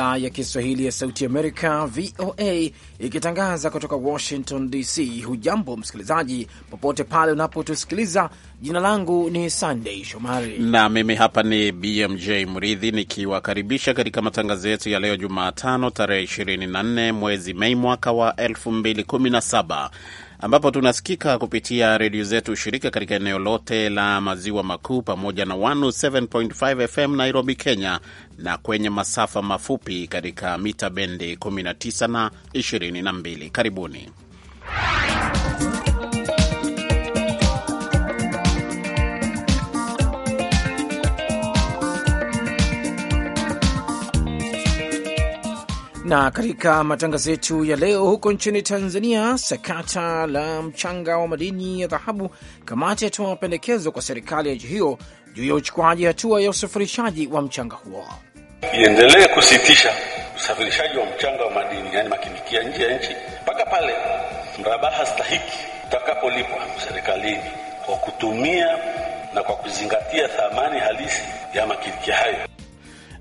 idhaa ya Kiswahili ya Sauti Amerika, VOA, ikitangaza kutoka Washington DC. Hujambo msikilizaji, popote pale unapotusikiliza. Jina langu ni sandey Shomari na mimi hapa ni BMJ Mridhi nikiwakaribisha katika matangazo yetu ya leo Jumatano, tarehe 24 mwezi Mei mwaka wa 2017 ambapo tunasikika kupitia redio zetu shirika katika eneo lote la maziwa makuu pamoja na 107.5 FM Nairobi, Kenya, na kwenye masafa mafupi katika mita bendi 19 na 22. Karibuni. Na katika matangazo yetu ya leo, huko nchini Tanzania, sakata la mchanga wa madini ya dhahabu, kamati yatoa mapendekezo kwa serikali ya nchi hiyo juu ya uchukuaji hatua ya usafirishaji wa mchanga huo. Iendelee kusitisha usafirishaji wa mchanga wa madini, yani makinikia, nje ya nchi mpaka pale mrabaha stahiki utakapolipwa serikalini kwa kutumia na kwa kuzingatia thamani halisi ya makinikia hayo.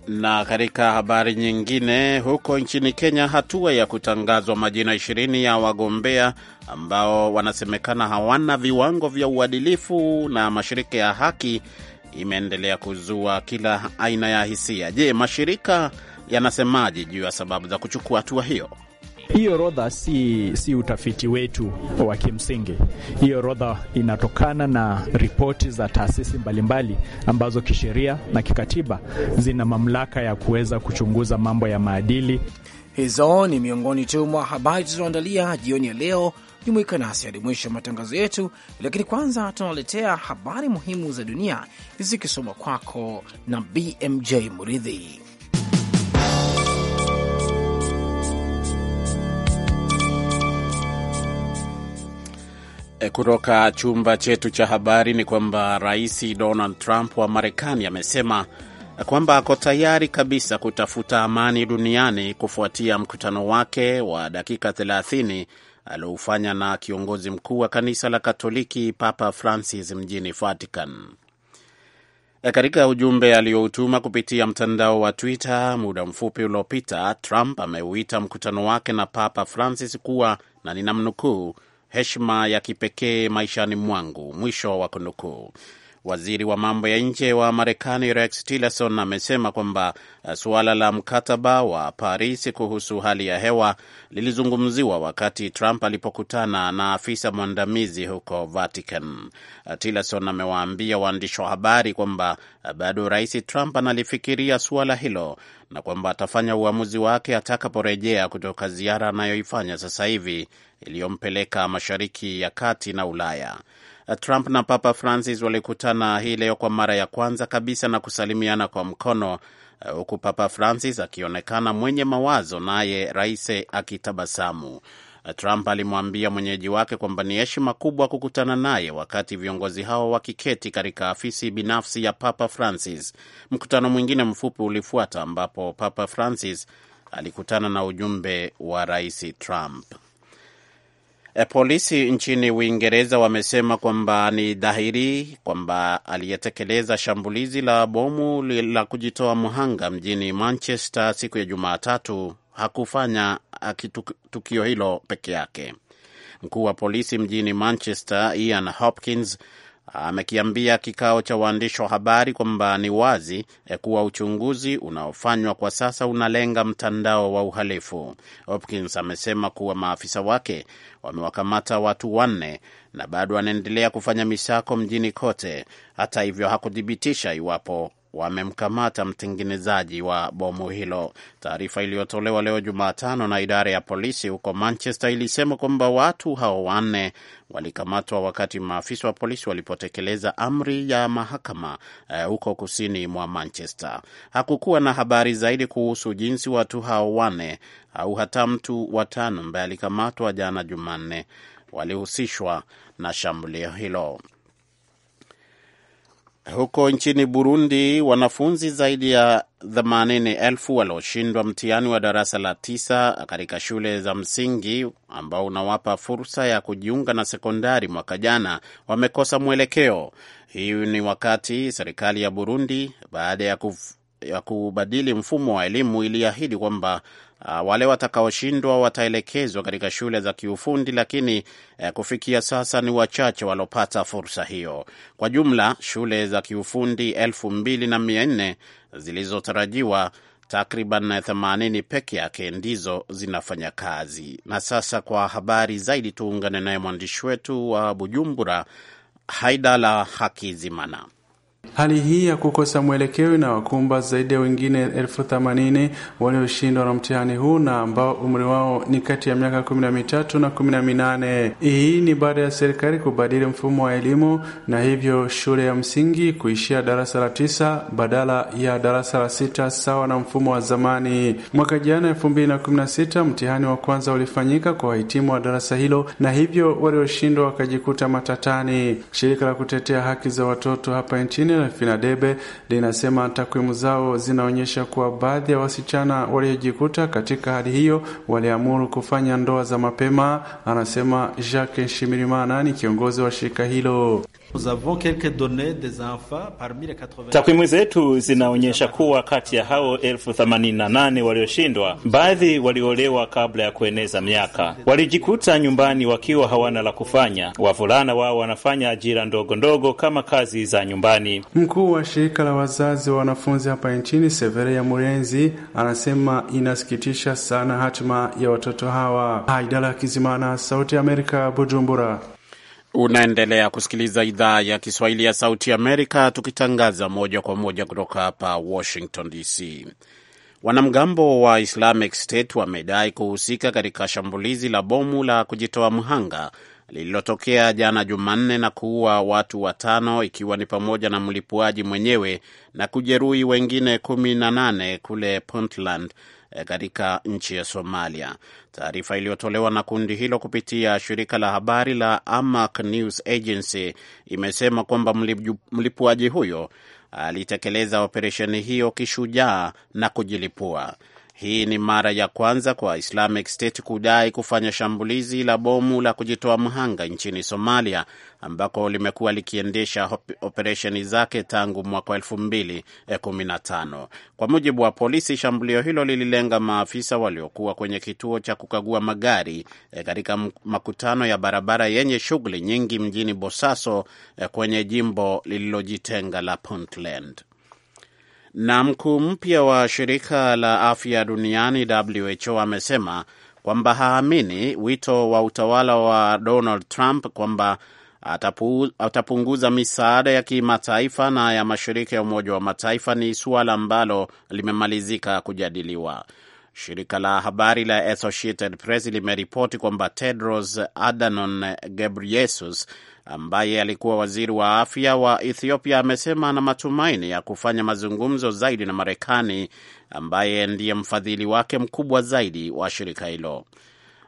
Na katika habari nyingine, huko nchini Kenya, hatua ya kutangazwa majina ishirini ya wagombea ambao wanasemekana hawana viwango vya uadilifu na mashirika ya haki imeendelea kuzua kila aina ya hisia. Je, mashirika yanasemaje juu ya sababu za kuchukua hatua hiyo? Hii orodha si, si utafiti wetu wa kimsingi. Hii orodha inatokana na ripoti za taasisi mbalimbali ambazo kisheria na kikatiba zina mamlaka ya kuweza kuchunguza mambo ya maadili. Hizo ni miongoni tu mwa habari tulizoandalia jioni ya leo. Jumuika nasi hadi mwisho wa matangazo yetu, lakini kwanza tunaletea habari muhimu za dunia zikisoma kwako na BMJ Muridhi. Eh, kutoka chumba chetu cha habari ni kwamba Rais Donald Trump wa Marekani amesema kwamba ako tayari kabisa kutafuta amani duniani kufuatia mkutano wake wa dakika 30 alioufanya na kiongozi mkuu wa kanisa la Katoliki Papa Francis mjini Vatican. E, katika ujumbe aliyoutuma kupitia mtandao wa Twitter muda mfupi uliopita, Trump ameuita mkutano wake na Papa Francis kuwa na ninamnukuu heshima ya kipekee maishani mwangu, mwisho wa kunukuu. Waziri wa mambo ya nje wa Marekani Rex Tillerson amesema kwamba uh, suala la mkataba wa Paris kuhusu hali ya hewa lilizungumziwa wakati Trump alipokutana na afisa mwandamizi huko Vatican. Uh, Tillerson amewaambia waandishi wa habari kwamba uh, bado Rais Trump analifikiria suala hilo na kwamba atafanya uamuzi wake atakaporejea kutoka ziara anayoifanya sasa hivi iliyompeleka Mashariki ya Kati na Ulaya. Uh, Trump na Papa Francis walikutana hii leo kwa mara ya kwanza kabisa na kusalimiana kwa mkono, uh, huku Papa Francis akionekana mwenye mawazo, naye rais akitabasamu. Uh, Trump alimwambia mwenyeji wake kwamba ni heshima kubwa kukutana naye wakati viongozi hao wakiketi katika afisi binafsi ya Papa Francis. Mkutano mwingine mfupi ulifuata ambapo Papa Francis alikutana na ujumbe wa Rais Trump. E, polisi nchini Uingereza wamesema kwamba ni dhahiri kwamba aliyetekeleza shambulizi la bomu la kujitoa mhanga mjini Manchester siku ya Jumatatu hakufanya tukio hilo peke yake. Mkuu wa polisi mjini Manchester Ian Hopkins amekiambia kikao cha waandishi wa habari kwamba ni wazi eh, kuwa uchunguzi unaofanywa kwa sasa unalenga mtandao wa uhalifu. Hopkins amesema kuwa maafisa wake wamewakamata watu wanne na bado anaendelea kufanya misako mjini kote. Hata hivyo hakuthibitisha iwapo wamemkamata mtengenezaji wa bomu hilo. Taarifa iliyotolewa leo Jumatano na idara ya polisi huko Manchester ilisema kwamba watu hao wanne walikamatwa wakati maafisa wa polisi walipotekeleza amri ya mahakama eh, huko kusini mwa Manchester. Hakukuwa na habari zaidi kuhusu jinsi watu hao wanne au hata mtu watano ambaye alikamatwa jana Jumanne walihusishwa na shambulio hilo. Huko nchini Burundi, wanafunzi zaidi ya 80,000 walioshindwa mtihani wa darasa la tisa katika shule za msingi ambao unawapa fursa ya kujiunga na sekondari mwaka jana wamekosa mwelekeo. Hii ni wakati serikali ya Burundi baada ya, kuf, ya kubadili mfumo wa elimu iliahidi kwamba Ah, wale watakaoshindwa wataelekezwa katika shule za kiufundi, lakini uh, kufikia sasa ni wachache walopata fursa hiyo. Kwa jumla shule za kiufundi elfu mbili na mia nne zilizotarajiwa takriban themanini peke yake ndizo zinafanya kazi. Na sasa kwa habari zaidi tuungane naye mwandishi wetu wa Bujumbura, Haidala Hakizimana. Hali hii ya kukosa mwelekeo inawakumba zaidi ya wengine elfu themanini walioshindwa na mtihani huu na ambao umri wao ni kati ya miaka kumi na mitatu na kumi na minane. Hii ni baada ya serikali kubadili mfumo wa elimu na hivyo shule ya msingi kuishia darasa la tisa badala ya darasa la sita sawa na mfumo wa zamani. Mwaka jana elfu mbili na kumi na sita mtihani wa kwanza ulifanyika kwa wahitimu wa darasa hilo na hivyo walioshindwa wakajikuta matatani. Shirika la kutetea haki za watoto hapa nchini Finadebe linasema takwimu zao zinaonyesha kuwa baadhi ya wasichana waliojikuta katika hali hiyo waliamuru kufanya ndoa za mapema, anasema Jacques Nshimirimana, ni kiongozi wa shirika hilo. Takwimu zetu zinaonyesha kuwa kati ya hao elfu themanini na nane walioshindwa, baadhi waliolewa kabla ya kueneza miaka, walijikuta nyumbani wakiwa hawana la kufanya. Wavulana wao wanafanya ajira ndogo ndogo kama kazi za nyumbani. Mkuu wa shirika la wazazi wa wanafunzi hapa nchini severe ya Murenzi anasema inasikitisha sana hatima ya watoto hawa. Haidala Kizimana, Sauti ya Amerika, Bujumbura. Unaendelea kusikiliza idhaa ya Kiswahili ya Sauti Amerika, tukitangaza moja kwa moja kutoka hapa Washington DC. Wanamgambo wa Islamic State wamedai kuhusika katika shambulizi la bomu la kujitoa mhanga lililotokea jana Jumanne na kuua watu watano ikiwa ni pamoja na mlipuaji mwenyewe na kujeruhi wengine kumi na nane kule Puntland eh, katika nchi ya Somalia. Taarifa iliyotolewa na kundi hilo kupitia shirika la habari la Amaq News Agency imesema kwamba mlipuaji huyo alitekeleza operesheni hiyo kishujaa na kujilipua. Hii ni mara ya kwanza kwa Islamic State kudai kufanya shambulizi la bomu la kujitoa mhanga nchini Somalia, ambako limekuwa likiendesha operesheni zake tangu mwaka 2015. Eh, kwa mujibu wa polisi, shambulio hilo lililenga maafisa waliokuwa kwenye kituo cha kukagua magari eh, katika makutano ya barabara yenye shughuli nyingi mjini Bosaso eh, kwenye jimbo lililojitenga la Puntland. Na mkuu mpya wa shirika la afya duniani WHO amesema kwamba haamini wito wa utawala wa Donald Trump kwamba atapu, atapunguza misaada ya kimataifa na ya mashirika ya Umoja wa Mataifa ni suala ambalo limemalizika kujadiliwa. Shirika la habari la Associated Press limeripoti kwamba Tedros Adhanom Ghebreyesus ambaye alikuwa waziri wa afya wa Ethiopia amesema ana matumaini ya kufanya mazungumzo zaidi na Marekani ambaye ndiye mfadhili wake mkubwa zaidi wa shirika hilo.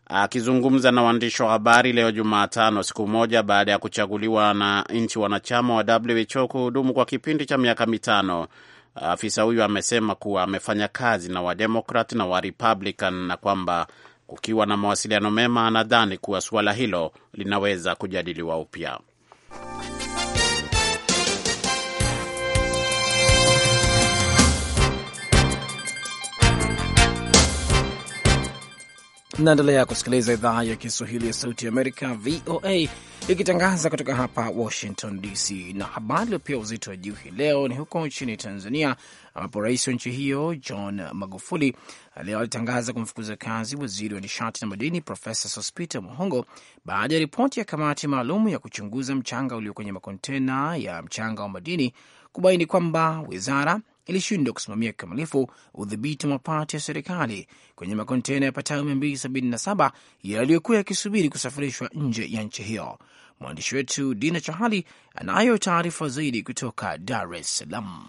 Akizungumza na waandishi wa habari leo Jumatano, siku moja baada ya kuchaguliwa na nchi wanachama wa WHO kuhudumu kwa kipindi cha miaka mitano, afisa huyu amesema kuwa amefanya kazi na Wademokrat na Warepublican na kwamba Kukiwa na mawasiliano mema, anadhani kuwa suala hilo linaweza kujadiliwa upya. Naendelea kusikiliza idhaa ya Kiswahili ya Sauti ya Amerika, VOA, ikitangaza kutoka hapa Washington DC. Na habari iliyopia uzito wa juu hii leo ni huko nchini Tanzania, ambapo rais wa nchi hiyo John Magufuli leo alitangaza kumfukuza kazi waziri wa nishati na madini Profesa sospita Muhongo baada ya ripoti ya kamati maalum ya kuchunguza mchanga ulio kwenye makontena ya mchanga wa madini kubaini kwamba wizara ilishindwa kusimamia kikamilifu udhibiti wa mapato ya serikali kwenye makontena yapatayo 277 yaliyokuwa yakisubiri kusafirishwa nje ya nchi hiyo. Mwandishi wetu Dina Chahali anayo taarifa zaidi kutoka Dar es Salaam.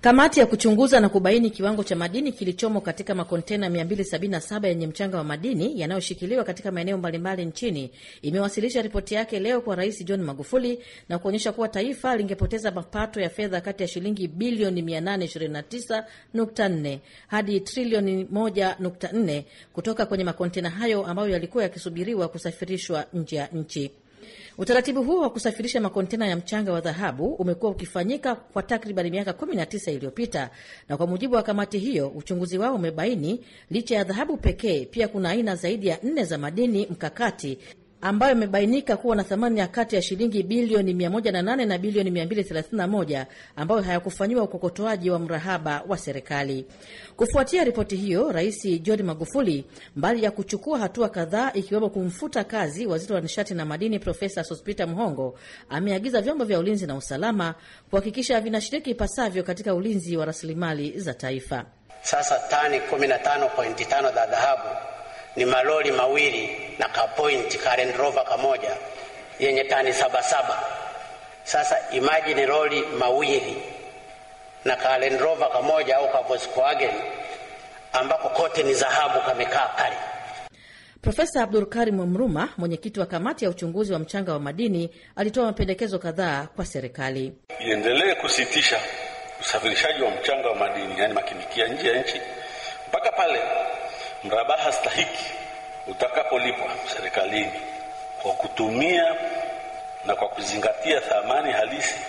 Kamati ya kuchunguza na kubaini kiwango cha madini kilichomo katika makontena 277 yenye mchanga wa madini yanayoshikiliwa katika maeneo mbalimbali nchini imewasilisha ripoti yake leo kwa Rais John Magufuli na kuonyesha kuwa taifa lingepoteza mapato ya fedha kati ya shilingi bilioni 829.4 hadi trilioni 1.4 kutoka kwenye makontena hayo ambayo yalikuwa yakisubiriwa kusafirishwa nje ya nchi. Utaratibu huo wa kusafirisha makontena ya mchanga wa dhahabu umekuwa ukifanyika kwa takriban miaka 19 iliyopita, na kwa mujibu wa kamati hiyo, uchunguzi wao umebaini licha ya dhahabu pekee, pia kuna aina zaidi ya nne za madini mkakati ambayo imebainika kuwa na thamani ya kati ya shilingi bilioni 108 na bilioni 231 ambayo hayakufanyiwa ukokotoaji wa mrahaba wa serikali. Kufuatia ripoti hiyo, Rais John Magufuli, mbali ya kuchukua hatua kadhaa ikiwemo kumfuta kazi waziri wa nishati na madini Profesa Sospeter Mhongo, ameagiza vyombo vya ulinzi na usalama kuhakikisha vinashiriki ipasavyo katika ulinzi wa rasilimali za taifa. Sasa tani 15.5 za dhahabu ni malori mawili na ka kapointi karendrova kamoja yenye tani sabasaba. Sasa imagine lori mawili na ka Rover kamoja au ka Volkswagen ambako kote ni dhahabu kamekaa pale. Profesa abdul Karim Mruma, mwenyekiti wa kamati ya uchunguzi wa mchanga wa madini, alitoa mapendekezo kadhaa kwa serikali iendelee kusitisha usafirishaji wa mchanga wa madini, yani makinikia, nje ya nchi mpaka pale Mrabaha stahiki utakapolipwa serikalini kwa kutumia na kwa kuzingatia thamani halisi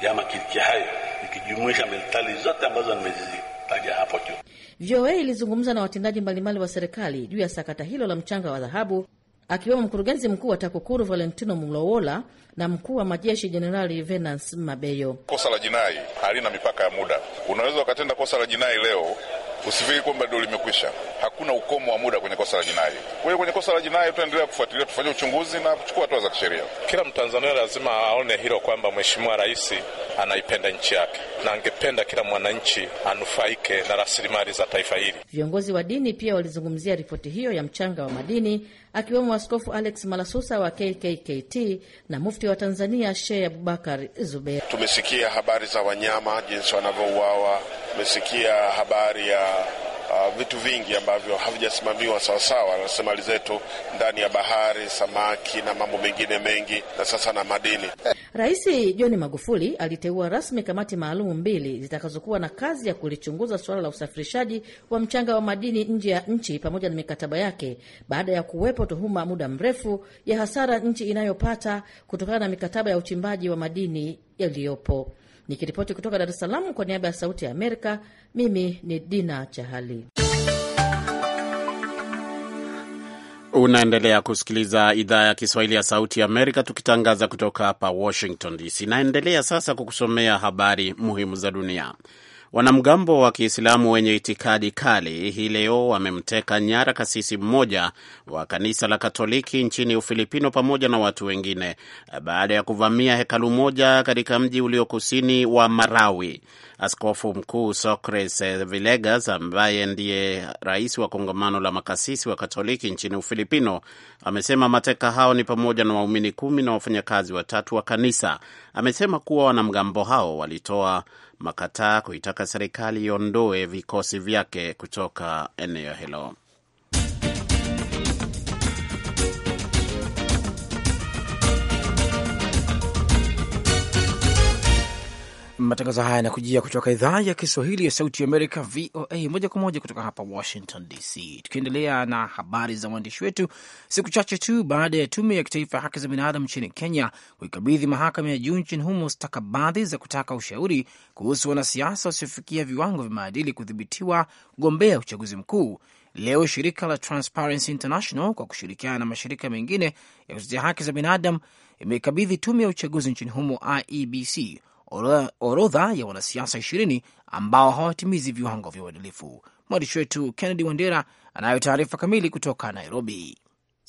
ya makiriki hayo ikijumuisha metali zote ambazo nimezitaja hapo juu. VOA ilizungumza na watendaji mbalimbali wa serikali juu ya sakata hilo la mchanga wa dhahabu akiwemo mkurugenzi mkuu wa TAKUKURU Valentino Mlowola na mkuu wa majeshi Jenerali Venance Mabeyo. Kosa la jinai halina mipaka ya muda. Unaweza ukatenda kosa la jinai leo Usifikiri kwamba ndio limekwisha. Hakuna ukomo wa muda kwenye kosa la jinai. Kwa hiyo kwenye kosa la jinai tutaendelea kufuatilia, tufanye uchunguzi na kuchukua hatua za kisheria. Kila Mtanzania lazima aone hilo kwamba Mheshimiwa Rais anaipenda nchi yake na angependa kila mwananchi anufaike na rasilimali za taifa hili. Viongozi wa dini pia walizungumzia ripoti hiyo ya mchanga wa madini, akiwemo Askofu Alex Malasusa wa KKKT na mufti wa Tanzania Sheikh Abubakar Zuberi. Tumesikia habari za wanyama jinsi wanavyouawa Tumesikia habari ya Uh, vitu vingi ambavyo havijasimamiwa sawasawa rasilimali zetu ndani ya bahari, samaki na mambo mengine mengi, na sasa na madini. Rais John Magufuli aliteua rasmi kamati maalumu mbili zitakazokuwa na kazi ya kulichunguza suala la usafirishaji wa mchanga wa madini nje ya nchi pamoja na mikataba yake, baada ya kuwepo tuhuma muda mrefu ya hasara nchi inayopata kutokana na mikataba ya uchimbaji wa madini yaliyopo. Nikiripoti kutoka Dar es Salaam kwa niaba ya Sauti ya Amerika, mimi ni Dina Chahali. Unaendelea kusikiliza idhaa ya Kiswahili ya Sauti ya Amerika, tukitangaza kutoka hapa Washington DC. Naendelea sasa kukusomea habari muhimu za dunia. Wanamgambo wa Kiislamu wenye itikadi kali hii leo wamemteka nyara kasisi mmoja wa kanisa la Katoliki nchini Ufilipino pamoja na watu wengine baada ya kuvamia hekalu moja katika mji ulio kusini wa Marawi. Askofu Mkuu Socrates Villegas ambaye ndiye rais wa kongamano la makasisi wa Katoliki nchini Ufilipino amesema mateka hao ni pamoja na waumini kumi na wafanyakazi watatu wa kanisa. Amesema kuwa wanamgambo hao walitoa makataa kuitaka serikali iondoe vikosi vyake kutoka eneo hilo. Matangazo haya yanakujia kutoka idhaa ya Kiswahili ya Sauti Amerika, VOA, moja kwa moja kutoka hapa Washington DC. Tukiendelea na habari za waandishi wetu, siku chache tu baada ya Tume ya Kitaifa ya Haki za Binadamu nchini Kenya kuikabidhi Mahakama ya Juu nchini humo stakabadhi za kutaka ushauri kuhusu wanasiasa wasiofikia viwango vya maadili kudhibitiwa kugombea uchaguzi mkuu. Leo shirika la Transparency International kwa kushirikiana na mashirika mengine ya kutetea haki za binadamu imeikabidhi tume ya uchaguzi nchini humo IEBC orodha ya wanasiasa ishirini ambao hawatimizi viwango vya uadilifu. Mwandishi wetu Kennedy Wandera anayo taarifa kamili kutoka Nairobi.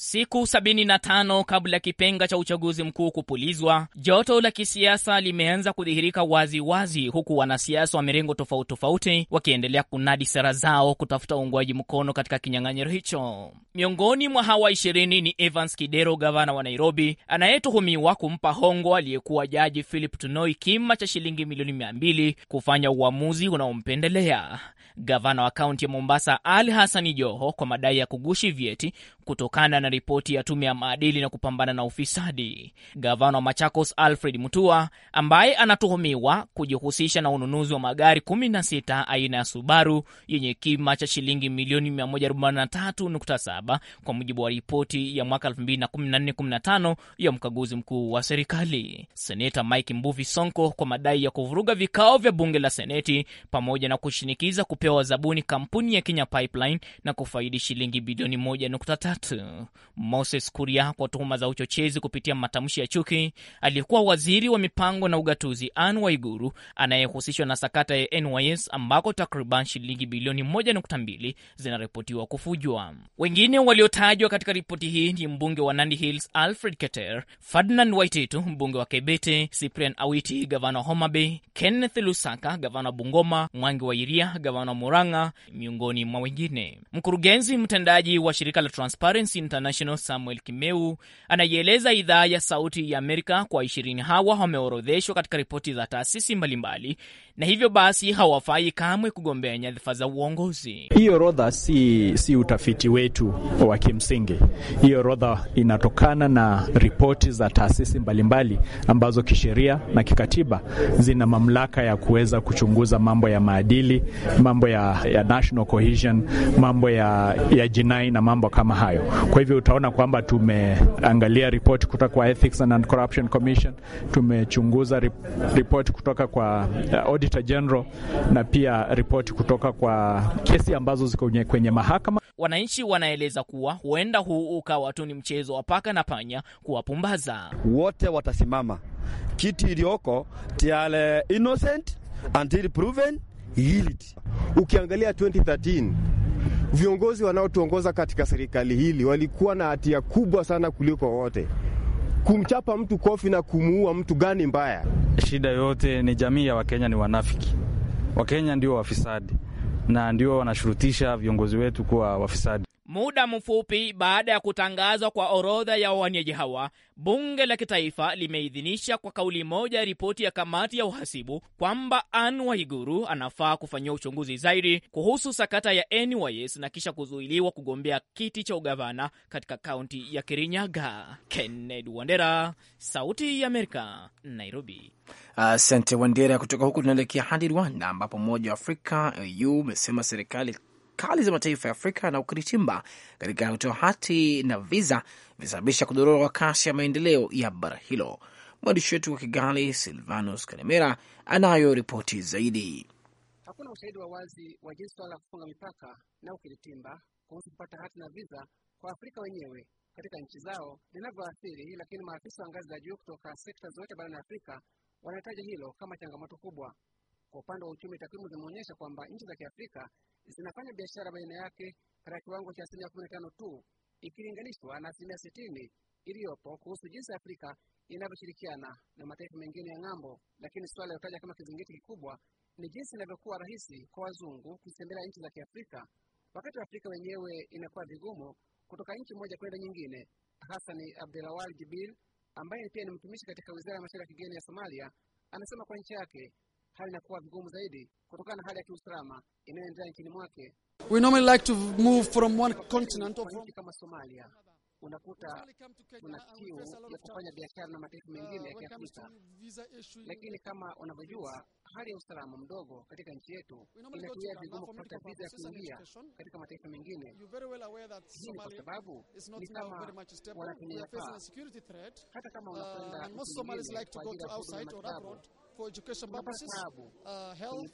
Siku 75 kabla ya kipenga cha uchaguzi mkuu kupulizwa, joto la kisiasa limeanza kudhihirika waziwazi wazi, huku wanasiasa wa mirengo tofauti tofauti wakiendelea kunadi sera zao kutafuta uungwaji mkono katika kinyang'anyiro hicho. Miongoni mwa hawa ishirini ni Evans Kidero, gavana wa Nairobi, anayetuhumiwa kumpa hongo aliyekuwa jaji Philip Tunoi kima cha shilingi milioni mia mbili kufanya uamuzi unaompendelea. Gavana wa kaunti ya Mombasa Al Hasani Joho kwa madai ya kugushi vyeti kutokana na na ripoti ya tume ya maadili na kupambana na ufisadi. Gavana wa Machakos Alfred Mutua, ambaye anatuhumiwa kujihusisha na ununuzi wa magari 16 aina ya Subaru yenye kima cha shilingi milioni 143.7 kwa mujibu wa ripoti ya mwaka 2014/15 ya mkaguzi mkuu wa serikali. Seneta Mike Mbuvi Sonko kwa madai ya kuvuruga vikao vya bunge la seneti pamoja na kushinikiza kupewa zabuni kampuni ya Kenya Pipeline na kufaidi shilingi bilioni 1.3. Moses Kuria kwa tuhuma za uchochezi kupitia matamshi ya chuki, aliyekuwa waziri wa mipango na ugatuzi ann Waiguru anayehusishwa na sakata ya NYS ambako takriban shilingi bilioni 1.2 zinaripotiwa kufujwa. Wengine waliotajwa katika ripoti hii ni mbunge wa Nandi Hills Alfred Keter, Ferdinand Waititu mbunge wa Kebete, Cyprian Awiti gavana wa Kenneth Lusaka gavana wa Bungoma, Mwangi wa Iria gavana wa Murang'a, miongoni mwa wengine. Mkurugenzi mtendaji wa shirika la Transparency International International Samuel Kimeu anaieleza idhaa ya Sauti ya Amerika kwa ishirini hawa wameorodheshwa katika ripoti za taasisi mbalimbali na hivyo basi hawafai kamwe kugombea nyadhifa za uongozi. Hiyo orodha si, si utafiti wetu wa kimsingi. Hiyo orodha inatokana na ripoti za taasisi mbalimbali ambazo kisheria na kikatiba zina mamlaka ya kuweza kuchunguza mambo ya maadili, mambo ya, ya national cohesion, mambo ya, ya jinai na mambo kama hayo. Kwa hivyo utaona kwamba tumeangalia ripoti kutoka kwa Ethics and Corruption Commission, tumechunguza ripoti kutoka kwa uh, Auditor General na pia ripoti kutoka kwa kesi ambazo ziko kwenye mahakama. Wananchi wanaeleza kuwa huenda huu ukawa tu ni mchezo wa paka na panya kuwapumbaza. Wote watasimama kiti iliyoko tiale innocent until proven guilty. Ukiangalia 2013 viongozi wanaotuongoza katika serikali hili walikuwa na hatia kubwa sana kuliko wote kumchapa mtu kofi na kumuua mtu gani mbaya? Shida yote ni jamii ya Wakenya ni wanafiki. Wakenya ndio wafisadi na ndio wanashurutisha viongozi wetu kuwa wafisadi. Muda mfupi baada ya kutangazwa kwa orodha ya wawaniaji hawa, bunge la kitaifa limeidhinisha kwa kauli moja ripoti ya kamati ya uhasibu kwamba Anne Waiguru anafaa kufanyiwa uchunguzi zaidi kuhusu sakata ya NYS na kisha kuzuiliwa kugombea kiti cha ugavana katika kaunti ya Kirinyaga. Kennedy Wandera, Sauti ya Amerika, Nairobi. Asante uh, Wandera. Kutoka huku tunaelekea hadi Rwanda ambapo Umoja wa Afrika au eh, umesema serikali serikali za mataifa ya Afrika na ukiritimba katika kutoa hati na viza vinasababisha kudorora kwa kasi ya maendeleo ya bara hilo. Mwandishi wetu wa Kigali, Silvanus Kalemera, anayo ripoti zaidi. Hakuna ushahidi wa wazi wa jinsi swala la kufunga mipaka na ukiritimba kuhusu kupata hati na viza kwa Afrika wenyewe katika nchi zao linavyoathiri, lakini maafisa wa ngazi za juu kutoka sekta zote barani Afrika wanataja hilo kama changamoto kubwa. Kwa upande wa uchumi, takwimu zimeonyesha kwamba nchi za Kiafrika zinafanya biashara baina yake katika kiwango cha asilimia kumi na tano tu ikilinganishwa na asilimia sitini iliyopo kuhusu jinsi Afrika inavyoshirikiana na mataifa mengine ya ng'ambo. Lakini suala lilotaja kama kizingiti kikubwa ni jinsi inavyokuwa rahisi kwa wazungu kuzitembelea nchi za Kiafrika wakati wa Afrika wenyewe inakuwa vigumu kutoka nchi moja kwenda nyingine. Hasani Abdelawal Jibril ambaye pia ni mtumishi katika wizara ya mashauri ya kigeni ya Somalia anasema kwa nchi yake hali inakuwa vigumu zaidi kutokana na hali ya kiusalama inayoendelea nchini mwake. We normally like to move from one continent of... kama Somalia unakuta kuna kiu ya kufanya biashara na mataifa uh, mengine ya Kiafrika, lakini kama unavyojua hali ya usalama mdogo katika nchi yetu inatuia vigumu kupata viza ya kuingia katika mataifa mengine. Hii ni kwa sababu ni kama wanatumia Hata kama unakwenda uh, for education purposes, uh, health,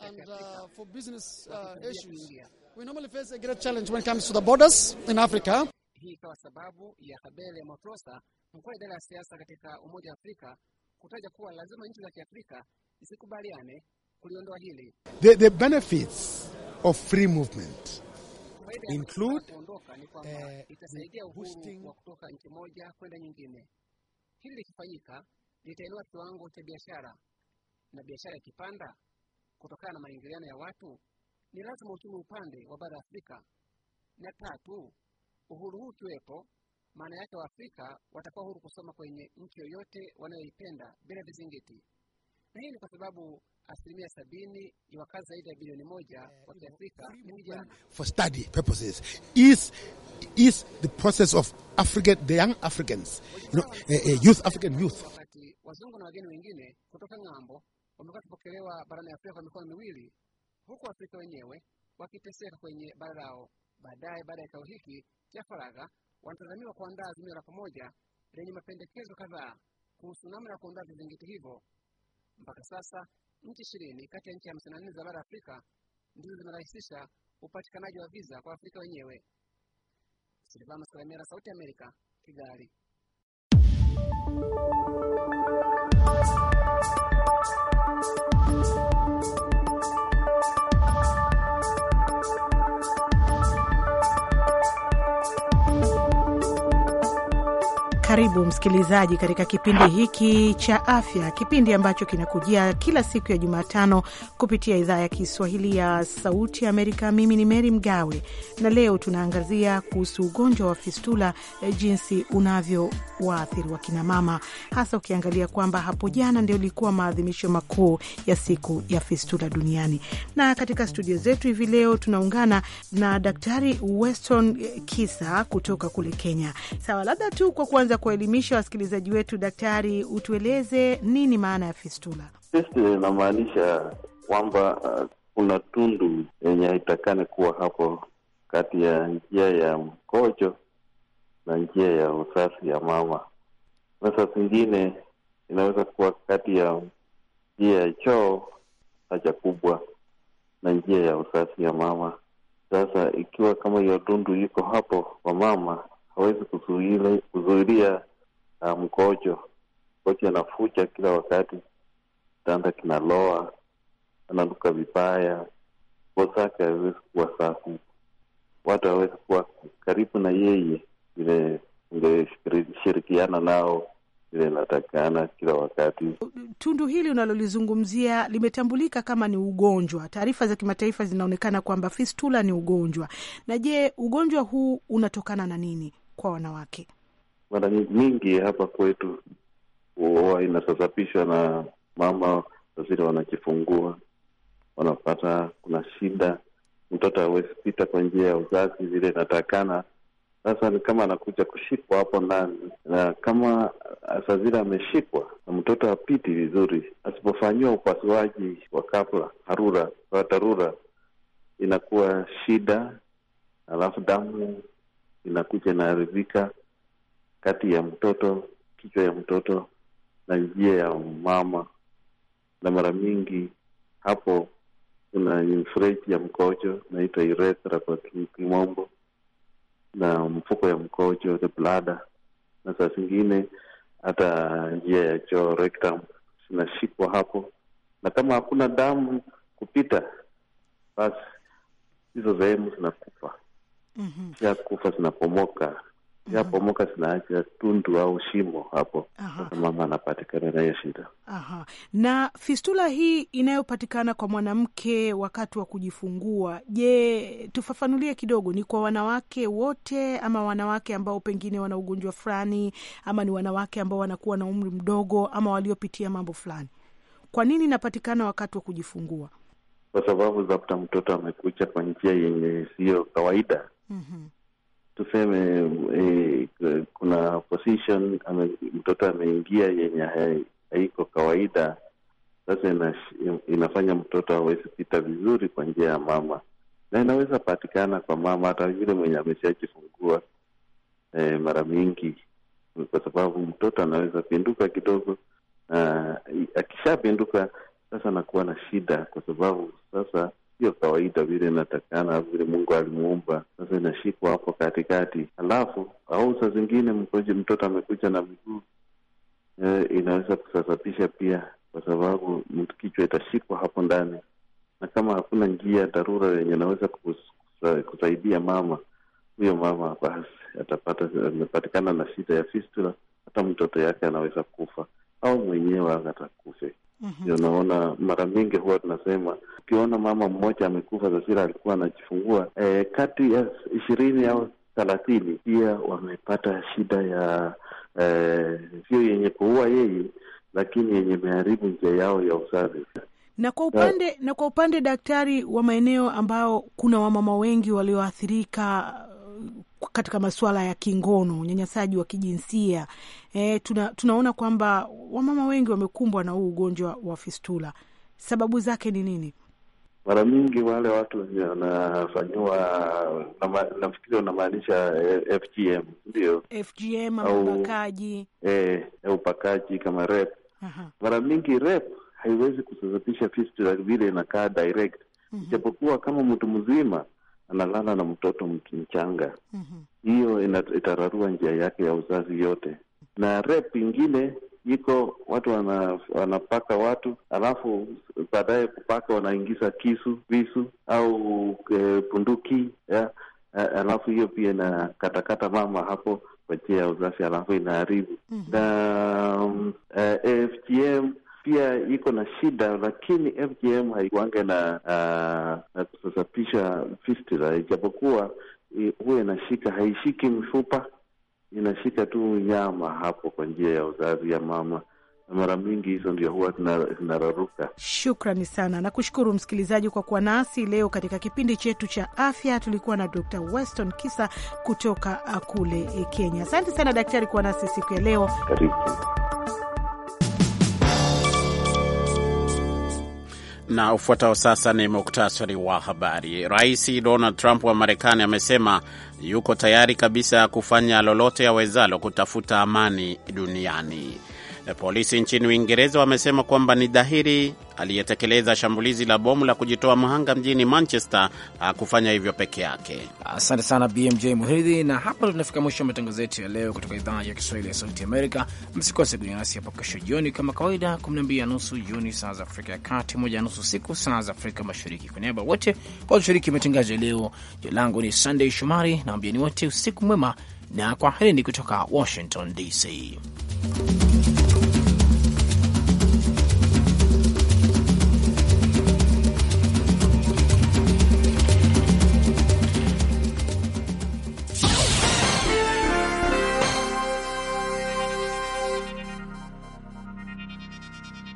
and uh, for business uh, issues. We normally face a great challenge when it comes to the borders in Africa hii ikawa sababu ya Habele Mwaprosa, mkuu wa idara ya siasa katika Umoja wa Afrika, kutaja kuwa lazima nchi za Kiafrika zikubaliane kuliondoa hili. The, the benefits of free movement include ni kwamba eh, itasaidia uhuru wa kutoka nchi moja kwenda nyingine. Hili likifanyika litainua kiwango cha biashara, na biashara ikipanda kutokana na maingiliano ya watu, ni lazima uchumi upande wa bara Afrika. Na tatu, Uhuru huu ukiwepo, maana yake Waafrika watakuwa huru kusoma kwenye nchi yoyote wanayoipenda bila vizingiti, na hii ni kwa sababu asilimia sabini ya wakazi zaidi ya bilioni moja eh, wa Kiafrika ni vijana. For study purposes is is the process of African the young Africans you know, uh, uh, youth African youth. Wakati wazungu na wageni wengine kutoka ng'ambo wamekuwa wakipokelewa barani Afrika kwa mikono miwili, huku Afrika wenyewe wakiteseka kwenye bara lao. Baadaye, baada ya kikao hiki cha faragha, wanatazamiwa kuandaa azimio la pamoja lenye mapendekezo kadhaa kuhusu namna ya kuondoa vizingiti hivyo. Mpaka sasa nchi ishirini kati ya nchi hamsi na nne za bara Afrika ndizo zinarahisisha upatikanaji wa viza kwa Afrika wenyewe. Silvano Kalemera, Sauti Amerika, Kigali. Karibu msikilizaji katika kipindi hiki cha afya, kipindi ambacho kinakujia kila siku ya Jumatano kupitia idhaa ya Kiswahili ya Sauti ya Amerika. Mimi ni Meri Mgawe na leo tunaangazia kuhusu ugonjwa wa fistula, eh, jinsi unavyowaathiri wakinamama, hasa ukiangalia kwamba hapo jana ndio ilikuwa maadhimisho makuu ya siku ya fistula duniani. Na katika studio zetu hivi leo tunaungana na Daktari Weston Kisa kutoka kule Kenya. Sawa, labda tu kwa kuanza kuwaelimisha wasikilizaji wetu, daktari, utueleze nini maana ya fistula? Fistula inamaanisha kwamba uh, kuna tundu yenye haitakani kuwa hapo kati ya njia ya mkojo na njia ya uzazi ya mama, na saa zingine inaweza kuwa kati ya njia ya choo haja kubwa na njia ya uzazi ya mama. Sasa ikiwa kama hiyo tundu iko hapo kwa mama, hawezi kuzuilia uh, mkojo. Mkojo anafucha kila wakati, kitanda kinaloa, ananuka vibaya, nguo zake hawezi kuwa safi, watu hawezi kuwa karibu na yeye vile ungeshirikiana nao vile inatakikana kila wakati. Tundu hili unalolizungumzia limetambulika kama ni ugonjwa. Taarifa za kimataifa zinaonekana kwamba fistula ni ugonjwa. Na je, ugonjwa huu unatokana na nini? kwa wanawake? Mara nyingi hapa kwetu huwa inasasapishwa na mama wazile wanajifungua, wanapata kuna shida, mtoto awezi pita kwa njia ya uzazi vile inatakana. Sasa ni kama anakuja kushikwa hapo ndani, na kama saa zile ameshikwa na mtoto apiti vizuri, asipofanyiwa upasuaji wa kabla harura wa dharura, inakuwa shida, alafu damu inakuja inaharibika kati ya mtoto, kichwa ya mtoto na njia ya mama, na mara mingi hapo kuna mfereji ya mkojo naitwa urethra kwa kimombo, na mfuko ya mkojo the blada na saa zingine hata njia ya choo rectum zinashikwa hapo, na kama hakuna damu kupita, basi hizo sehemu zinakufa mm -hmm. zinapomoka apomoka mhm. zinaacha tundu au shimo hapo. Aha. mama anapatikana na hiyo shida. Aha. Na fistula hii inayopatikana kwa mwanamke wakati wa kujifungua, je, tufafanulie kidogo, ni kwa wanawake wote ama wanawake ambao pengine wana ugonjwa fulani, ama ni wanawake ambao wanakuwa na umri mdogo ama waliopitia mambo fulani? Kwa nini inapatikana wakati wa kujifungua? Kwa sababu za kuta mtoto amekucha kwa njia yenye siyo kawaida mm -hmm. Tuseme e, kuna position ame, mtoto ameingia yenye haiko kawaida. Sasa ina, inafanya mtoto awezi pita vizuri kwa njia ya mama, na inaweza patikana kwa mama hata yule mwenye ameshajifungua e, mara mingi, kwa sababu mtoto anaweza pinduka kidogo, na akishapinduka sasa anakuwa na shida, kwa sababu sasa sio kawaida vile inatakikana vile Mungu alimuumba. Sasa inashikwa hapo katikati, alafu au saa zingine mtoto amekuja na miguu e, inaweza kusababisha pia, kwa sababu kichwa itashikwa hapo ndani, na kama hakuna njia dharura yenye inaweza kusaidia mama huyo, mama basi atapata amepatikana na shida ya fistula, hata mtoto yake anaweza kufa au mwenyewe atakufe. Ndio naona mara mingi huwa tunasema ukiona mama mmoja amekufa Zasira alikuwa anajifungua e, kati ya ishirini au thelathini pia wamepata shida ya eh, sio e, yenye kuua yeye, lakini yenye imeharibu njia yao ya uzazi na kwa upande Na kwa upande daktari wa maeneo ambao kuna wamama wengi walioathirika katika masuala ya kingono, unyanyasaji wa kijinsia e, tuna, tunaona kwamba wamama wengi wamekumbwa na huu ugonjwa wa fistula. Sababu zake ni nini? Mara nyingi wale watu wenye wanafanyiwa, nafikiri wanamaanisha eh, FGM, ndio FGM au upakaji e, upakaji kama rep. Mara mingi rep haiwezi kusababisha fistula vile inakaa direct, ijapokuwa mhm. mm -hmm. kama mtu mzima analala na mtoto mchanga mhm. hiyo mm -hmm. itararua njia yake ya uzazi yote. Na rep ingine iko watu wana, wanapaka watu alafu baadaye kupaka wanaingiza kisu visu au punduki e, ya, alafu hiyo pia inakatakata mama hapo kwa njia ya uzazi alafu inaharibu mhm. mm -hmm. na um, uh, afgm pia iko na shida, lakini FGM haikuange na, uh, na fistula, ijapokuwa eh, huwa inashika, haishiki mfupa, inashika tu nyama hapo kwa njia ya uzazi ya mama mara mingi hizo ndio huwa zinararuka. Shukrani sana, nakushukuru msikilizaji kwa kuwa nasi leo katika kipindi chetu cha afya. Tulikuwa na Dr. Weston Kisa kutoka ah, kule eh, Kenya. Asante sana daktari kuwa nasi siku ya leo. Karibu. Na ufuatao sasa ni muktasari wa habari. Rais Donald Trump wa Marekani amesema yuko tayari kabisa kufanya lolote awezalo kutafuta amani duniani. Polisi nchini Uingereza wamesema kwamba ni dhahiri aliyetekeleza shambulizi la bomu la kujitoa mhanga mjini Manchester hakufanya hivyo peke yake. Asante sana BMJ Muhidhi, na hapa tunafika mwisho wa matangazo yetu ya leo kutoka idhaa ya Kiswahili ya Sauti Amerika. Msikose kujiunga nasi hapo kesho jioni kama kawaida, 12 na nusu jioni saa za Afrika ya Kati, moja na nusu siku saa za Afrika Mashariki. Kwa niaba wote walioshiriki matangazo ya leo, jina langu ni Sunday Shomari na wambieni wote usiku mwema na kwaherini kutoka Washington DC.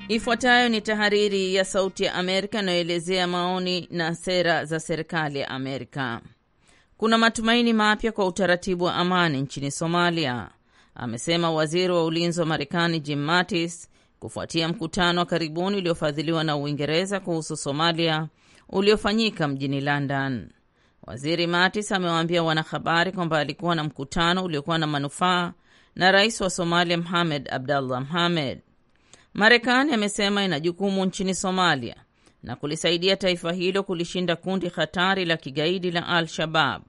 Ifuatayo ni tahariri ya Sauti ya Amerika inayoelezea maoni na sera za serikali ya Amerika kuna matumaini mapya kwa utaratibu wa amani nchini Somalia, amesema waziri wa ulinzi wa Marekani Jim Mattis kufuatia mkutano wa karibuni uliofadhiliwa na Uingereza kuhusu Somalia uliofanyika mjini London. Waziri Mattis amewaambia wanahabari kwamba alikuwa na mkutano uliokuwa na manufaa na rais wa Somalia Mohamed Abdallah Mohamed. Marekani amesema ina jukumu nchini Somalia na kulisaidia taifa hilo kulishinda kundi hatari la kigaidi la Al-Shabab.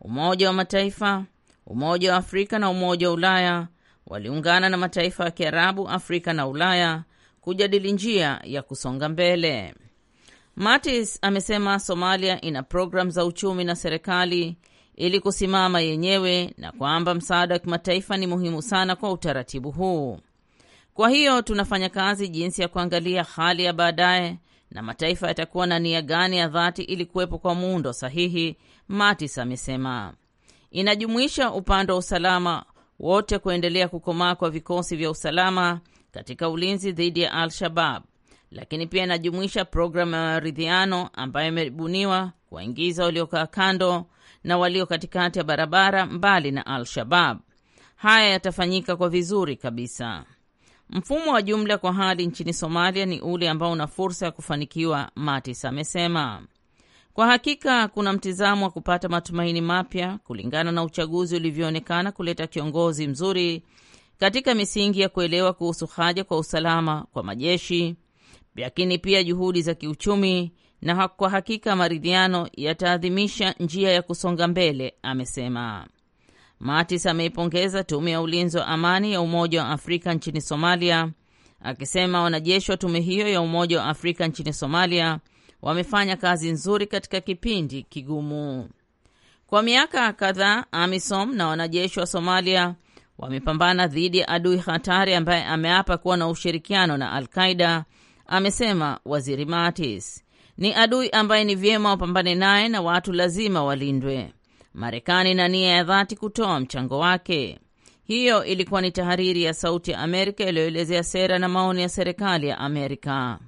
Umoja wa Mataifa, Umoja wa Afrika na Umoja wa Ulaya waliungana na mataifa ya Kiarabu, Afrika na Ulaya kujadili njia ya kusonga mbele. Mattis amesema Somalia ina programu za uchumi na serikali ili kusimama yenyewe na kwamba msaada wa kimataifa ni muhimu sana kwa utaratibu huu. Kwa hiyo tunafanya kazi jinsi ya kuangalia hali ya baadaye na mataifa yatakuwa na nia gani ya dhati ili kuwepo kwa muundo sahihi, Matis amesema. Inajumuisha upande wa usalama wote, kuendelea kukomaa kwa vikosi vya usalama katika ulinzi dhidi ya Al-Shabab, lakini pia inajumuisha programu ya maridhiano ambayo imebuniwa kuwaingiza waliokaa kando na walio katikati ya barabara mbali na Al-Shabab. Haya yatafanyika kwa vizuri kabisa. Mfumo wa jumla kwa hali nchini Somalia ni ule ambao una fursa ya kufanikiwa, Matis amesema. Kwa hakika kuna mtizamo wa kupata matumaini mapya kulingana na uchaguzi ulivyoonekana kuleta kiongozi mzuri katika misingi ya kuelewa kuhusu haja kwa usalama kwa majeshi, lakini pia juhudi za kiuchumi, na kwa hakika maridhiano yataadhimisha njia ya kusonga mbele, amesema. Matis ameipongeza tume ya ulinzi wa amani ya Umoja wa Afrika nchini Somalia, akisema wanajeshi wa tume hiyo ya Umoja wa Afrika nchini Somalia wamefanya kazi nzuri katika kipindi kigumu. Kwa miaka kadhaa, AMISOM na wanajeshi wa Somalia wamepambana dhidi ya adui hatari ambaye ameapa kuwa na ushirikiano na Al Qaida, amesema waziri Matis. Ni adui ambaye ni vyema wapambane naye na watu lazima walindwe. Marekani na nia ya dhati kutoa mchango wake. Hiyo ilikuwa ni tahariri ya Sauti ya Amerika iliyoelezea sera na maoni ya serikali ya Amerika.